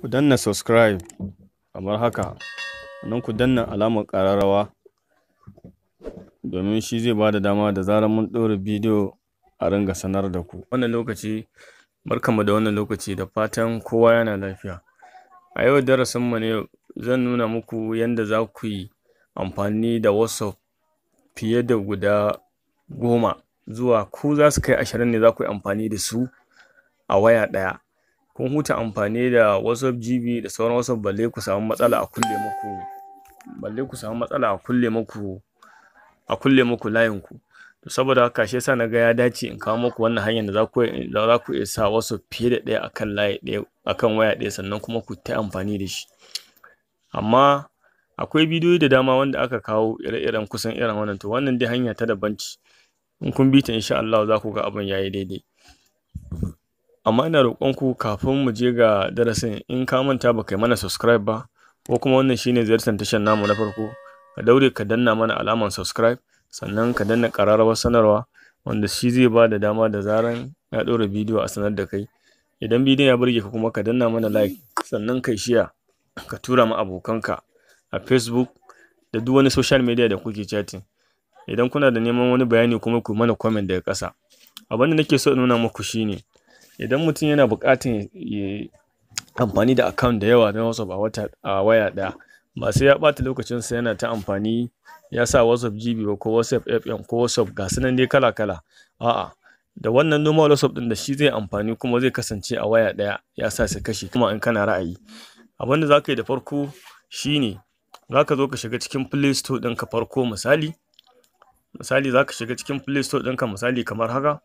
ku danna subscribe kamar haka nan ku danna alamar ƙararrawa domin shi zai ba da dama da zarar mun ɗora bidiyo a ringa sanar da ku wannan lokaci barkanmu da wannan lokaci da fatan kowa yana lafiya a yau darasinmu ne zan nuna muku yadda za ku yi amfani da whatsapp fiye da guda goma zuwa ko za su kai ashirin ne za ku yi amfani da su a waya ɗaya kun huta amfani da whatsapp gb da sauran whatsapp balle ku samu matsala a kulle muku balle ku samu matsala a kulle muku a kulle muku layin ku to saboda haka shi yasa naga ya dace in kawo muku wannan hanyar da za ku za ku iya sa fiye da ɗaya akan layi ɗaya akan waya ɗaya sannan kuma ku ta amfani da shi amma akwai bidiyo da dama wanda aka kawo ire-iren kusan irin wannan to wannan dai hanya ta daban ce in kun bi ta insha Allah za ku ga abin yayi daidai Amma ina roƙonku kafin mu je ga darasin in ka manta ba yi mana subscribe ba ko kuma wannan shine ziyartar tashar namu na farko ka daure ka danna mana alamar subscribe sannan ka danna ƙararrawar sanarwa wanda shi zai ba da dama da zaran ya ɗora bidiyo a sanar da kai. Idan bidiyon ya burge ka kuma ka danna mana like sannan kai shiya ka tura ma abokanka a Facebook da duk wani social media da kuke chatting. Idan kuna da neman wani bayani kuma ku mana comment daga ƙasa. Abin da nake so in nuna muku shine idan mutum yana buƙatar ya amfani da account da yawa na WhatsApp a waya ɗaya ba sai ya ɓata lokacinsa yana ta amfani ya sa WhatsApp GB ko WhatsApp FM ko WhatsApp ga su dai kala kala a'a da wannan noma WhatsApp ɗin da shi zai amfani kuma zai kasance a waya ɗaya ya sa su kashe kuma in kana ra'ayi abin da za ka yi da farko shine za ka zo ka shiga cikin Play Store ɗinka farko misali misali za ka shiga cikin Play Store ɗinka misali kamar haka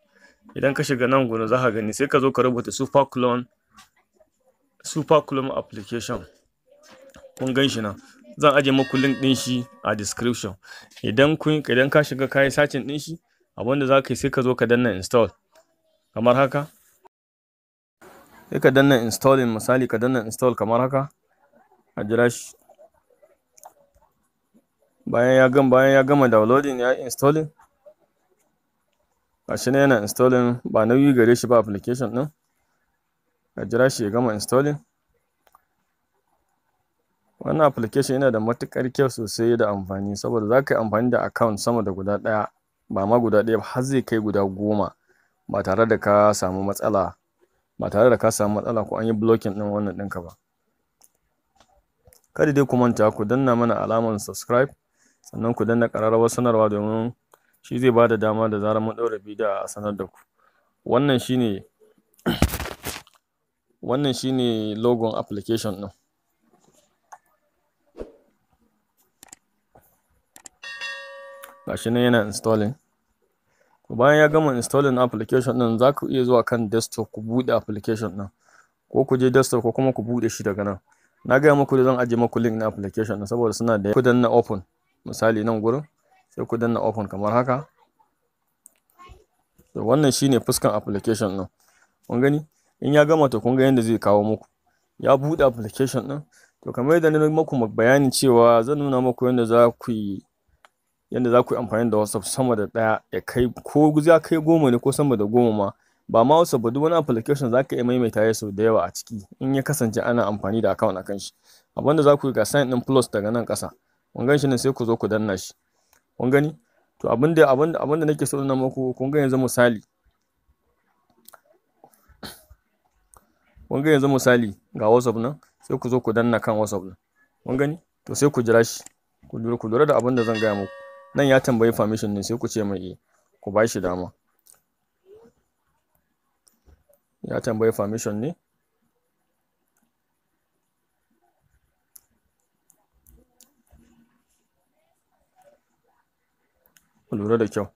idan ka shiga nan gona za ka gani sai ka zo ka rubuta super clone application kun gan shi nan zan aje muku link din shi a description idan kun idan ka shiga kai sacin din shi abinda za ka yi sai ka zo ka danna install kamar haka sai ka danna installing misali ka danna install kamar haka a jira shi bayan ya gama bayan ya gama downloading ya installing gashi na yana installing ba nauyi gare shi ba application din ka jira shi ya gama installing wannan application yana da matukar kyau sosai da amfani saboda za ka yi amfani da account sama da guda daya ba ma guda daya har zai kai guda goma ba tare da ka samu matsala ba tare da ka samu matsala ko an yi blocking ɗin wannan ka ba kada dai ku manta ku danna mana alamar subscribe sannan ku danna ƙararrawar sanarwa domin shi zai ba da dama da zarar mun ɗaura bidiyo a sanar da ku wannan shine wannan shine logon application ɗin gashi nan yana installing bayan ya gama installing application ɗin za ku iya zuwa kan desktop ku buɗe application ɗin ko ku je desktop ko kuma ku buɗe shi daga nan na gaya muku da zan ajiye muku link na application ɗin saboda suna da kudin na open misali nan gurin sai ku danna open kamar haka to wannan shine fuskan application din kun gani in ya gama to kun ga yanda zai kawo muku ya bude application din to kamar yadda na muku bayanin cewa zan nuna muku yanda za ku yi yanda za ku yi amfani da WhatsApp sama da ɗaya ya kai ko za kai goma ne ko sama da goma ma ba ma WhatsApp ba duk wani application za ka iya maimaita ya sau da yawa a ciki in ya kasance ana amfani da account akan shi abinda za ku yi ga sign ɗin plus daga nan kasa kun gan shi ne sai ku zo ku danna shi kun gani to abin da abin da nake so nuna muku kun ga yanzu misali kun ga yanzu misali ga whatsapp nan sai ku zo ku danna kan whatsapp nan kun gani to sai ku jira shi ku dora ku lura da abin da zan gaya muku nan ya tambayi permission ne sai ku ce mai eh, ku ba shi dama ya tambayi permission ne lura da kyau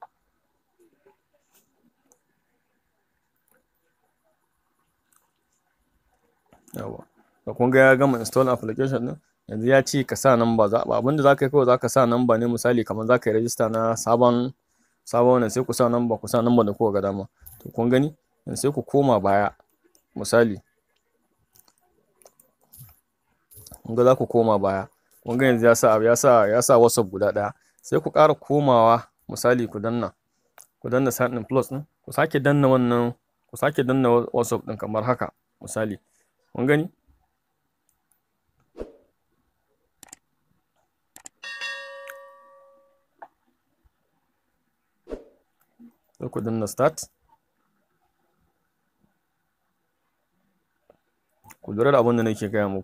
yawa da kun ga ya gama install application din yanzu ya ce ka sa number za abinda za ka yi kawai za ka sa number ne misali kamar za ka yi register na sabon sabon wannan sai ku sa number ku sa number da kowa ga dama to kun gani yanzu sai ku koma baya misali kun ga za ku koma baya kun ga yanzu ya sa ya sa ya sa WhatsApp guda ɗaya sai ku ƙara komawa misali ku danna ku danna site in plus din ku sake danna wannan ku sake danna whatsapp din kamar haka misali kun gani ku danna start ku lura da abin da nake gaya muku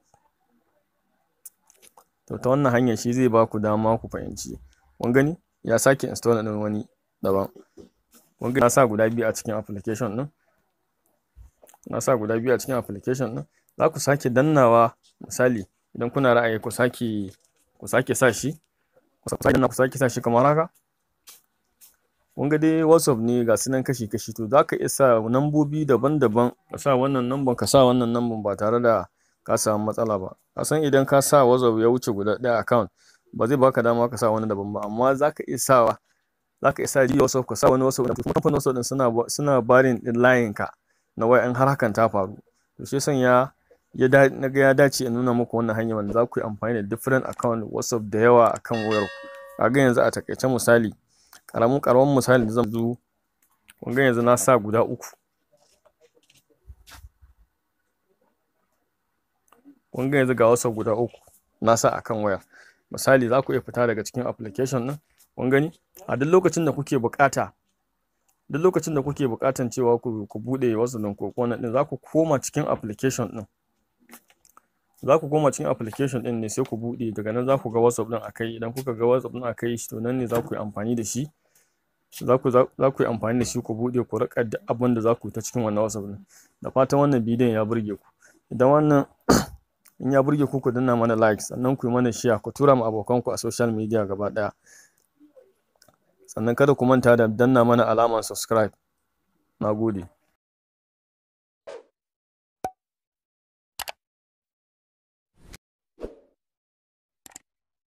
to ta wannan hanyar shi zai ba ku dama ku fahimci kun gani ya sake install ɗin wani daban kun ga na sa guda biyu a cikin application ɗin na sa guda biyu a cikin application ɗin za ku sake dannawa misali idan kuna ra'ayi ku sake ku sake sa shi ku sake danna ku sake sa shi kamar haka kun ga dai whatsapp ne ga su kashi kashi to za ka iya sa nambobi daban-daban ka sa wannan namban ka sa wannan namban ba tare da ka samu matsala ba ka san idan ka sa whatsapp ya wuce guda ɗaya account ba zai baka dama ka sa wani daban ba amma zaka iya sawa zaka iya sa jiya wasu ka sa wani wasu kuma kamfanin wasu suna suna barin din layin ka na wai har hakan ta faru to shi san ya ya da na ga ya dace in nuna muku wannan hanya wanda za ku yi amfani da different account WhatsApp da yawa akan wayar ku kaga yanzu a takaice misali karamin karamin misali da zan zo kun ga yanzu na sa guda uku kun ga yanzu ga wasu guda uku na sa akan wayar misali za ku iya fita daga cikin application nan kun gani a duk lokacin da kuke bukata duk lokacin da kuke bukatan cewa ku ku bude wasu nan ko wannan din za ku koma cikin application din za ku koma cikin application din ne sai ku bude daga nan za ku ga WhatsApp din akai idan kuka ga WhatsApp din akai shi to nan ne za ku yi amfani da shi za ku za ku yi amfani da shi ku bude ku rika da abin da za ku ta cikin wannan WhatsApp din da fatan wannan bidiyon ya burge ku idan wannan in ya burge ku ku danna mana like sannan ku yi mana share ku tura ma abokanku a social media gaba ɗaya sannan kada ku manta da danna mana alamar subscribe na gode